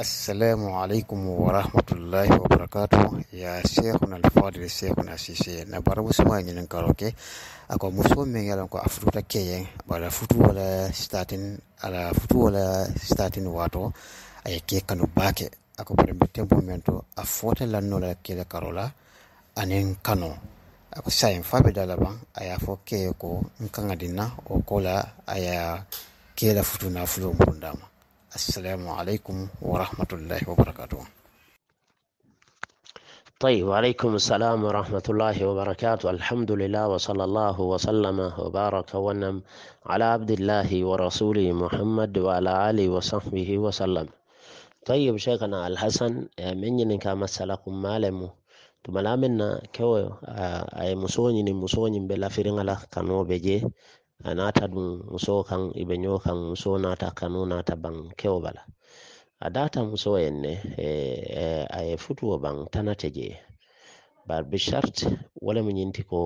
assalamu alaikum warahmatullahi wabarakatuh ya na alfadil sheikhuna sise na bara musuma ñinin karoke ako muso men yalan ko afututa keyen bala futu wala statin ala futu wala statin wato aye ke kanu bake ako bare tempo mento a fota lanno la kele karola anen kano ako sayen fabi dalaban aya fo keye ko nkangadina okola o kola aya kela futu na fulo mbundama السلام عليكم ورحمة الله وبركاته طيب وعليكم السلام ورحمة الله وبركاته الحمد لله وصلى الله وسلم وبارك ونم على عبد الله ورسوله محمد وعلى آله وصحبه وسلم طيب شيخنا الحسن من ينكا مسألكم مالمو tumala min na kewo ay musonyi ni musonyi be a naata ɗum muso kan iɓe ño kan muso naata kano naata ban kewo bala e, e, a data muso enne a ye futuwo ban tanate je bar be shart wala mu ñinti ko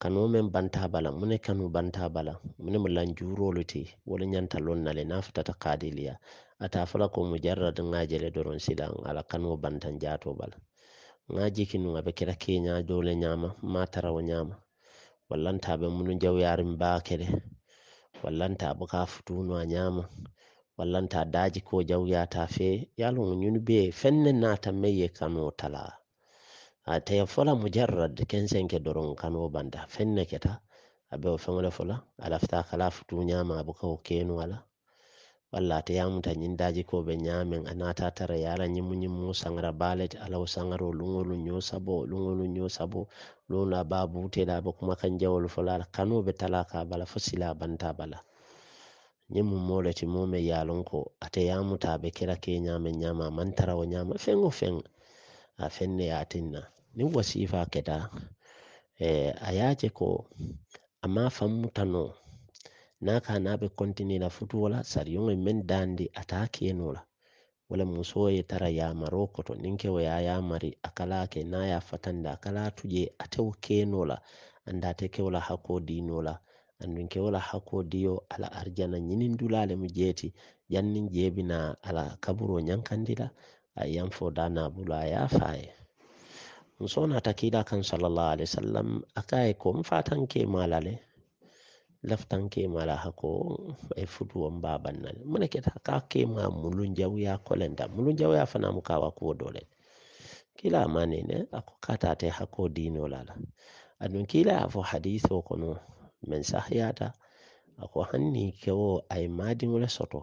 kanu men banta bala mune kanu banta bala mune mu lanjurolu ti wala ñanta lonnale na futata kadiliya ata fala ko mujarrad ŋajele doron silan ala kanuwo bantan jato bala ŋa jikinu ŋa be kira keña dole ñama matarawo ñama walla n taa ɓe munu jawyari mi baakere walla n taa buka futunu a ñaama walla n taa daaji fe ye a loŋ ñunu bee feŋ ne naata meŋ ye kanoo tala fola mujarrad kensenke doroŋ kanoo banta feŋ ne keta a be wo feŋo le fola a lafita a ka la futuu ñaama walla ate yamuta ñiŋ daajiko be ñaameŋ a tara ye a la ñimu ñimu saŋara ala wo saŋaro luŋolu sabo luŋolu ñoo sabo luŋolu a be a buute la a be kumakaŋ be tala bala fo banta bala ñiŋ mu moo ti moo meŋ eh, ko ate yamuta a be kela kee ñaameŋ ñaama a wo ñaama feŋ wo a feŋ ne tinna niŋ wasiifa keta a ye ko a maŋ a n'akaana a be kontinira futuo la sariyoŋo meŋ daandi men dandi keno la wala musoye tara ya koto niŋ ke wo ya a yaamari a kala ke niŋ a ye a tuje ate wo keno la anda ate ke wo la hakkoo diino la anduŋ ke diyo ala arjana ñiniŋ ndula ale mjeti jaŋ njebi na ala kaburoo ñankandi la a ye ya daa naa bulu kan sallallahu a faa ye musoo naata kiila alaihi wasallam a ko n faataŋ laftankeema la hako e eh, futuwon baban nal mune keta ka kema mulunjawya kolenta mulunjawya fanamu kawa kuwo dole kila manene ako katate hako dino lala adun kila afo hadiso kono men sahyata ako hanni kewo ay madiŋole soto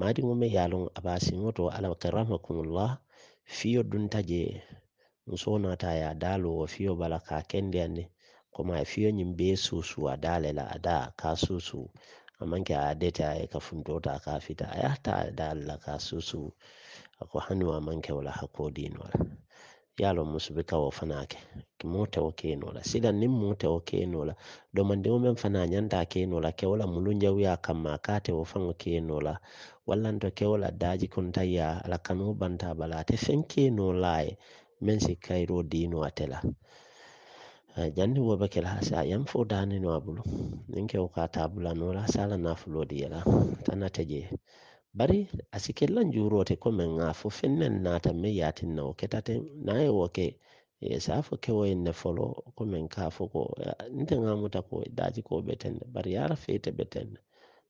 madiŋo me yalon aba siŋo to ala karamakumullah fiyo dunta je muso nata ya dalo wo fiyo bala ka kendi anne kuma a fiyo ñiŋ bee suusuwa daa le la ada ka susu suusu a maŋ ke a ye dete a ye ta ka fita a ye a taa la ka susu a ko hani wo a maŋ ke wo la hakkoo diino la ye a loŋ musu be ka wo fanaŋ ke moo te wo keenoo la silaŋ niŋ moo wa ke no la domandiŋo meŋ fanaŋ a ñanta a keenoo la ke wo la muluŋ jawuya kamma a ka a wa wo ke no la wala nto ke wala daji kun kunta ye la kanoo banta a bala ate feŋ no la e. men ye meŋ si kayiroo diinoo ate jannde bobakel ha sa yam fo danino abulu min ke oka tabula nola sala nafulodi yala e tana taje bari asikella jurote ko men ga fo fennen nata me yatinna o ketate naye woke sa fo kewoyenne folo ko men ka fo ko nte gamuta ko daji ko betenne bari yara fete betenne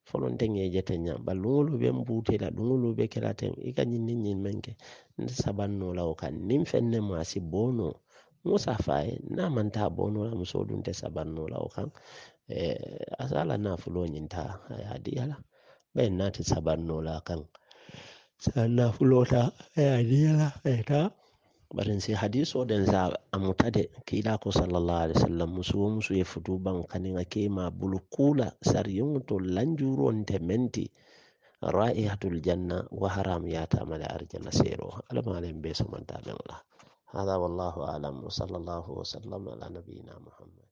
folo nte ejete ña bal ɗuŋolu ɓe mbutela ɗuŋolu ɓe kelaten ika ñinni ñin menke nte sabannolawo ka nin fennema si bono musa faye na manta bono la muso dun tɛ sabanno la o kan e, asala nafulo ñinta a ye diyala ɓayi nati sabanno la kan sa nafulota a ye diyala a ye ta barin sai hadiso da za a muta da kila ko sallallahu alaihi wasallam musu musu ya fito ban kanin ake ma bulukula saryin to lanjuron ta ra'ihatul janna wa haram ya ta mala arjana sero almalin bai samanta bin Allah هذا والله أعلم وصلى الله وسلم على نبينا محمد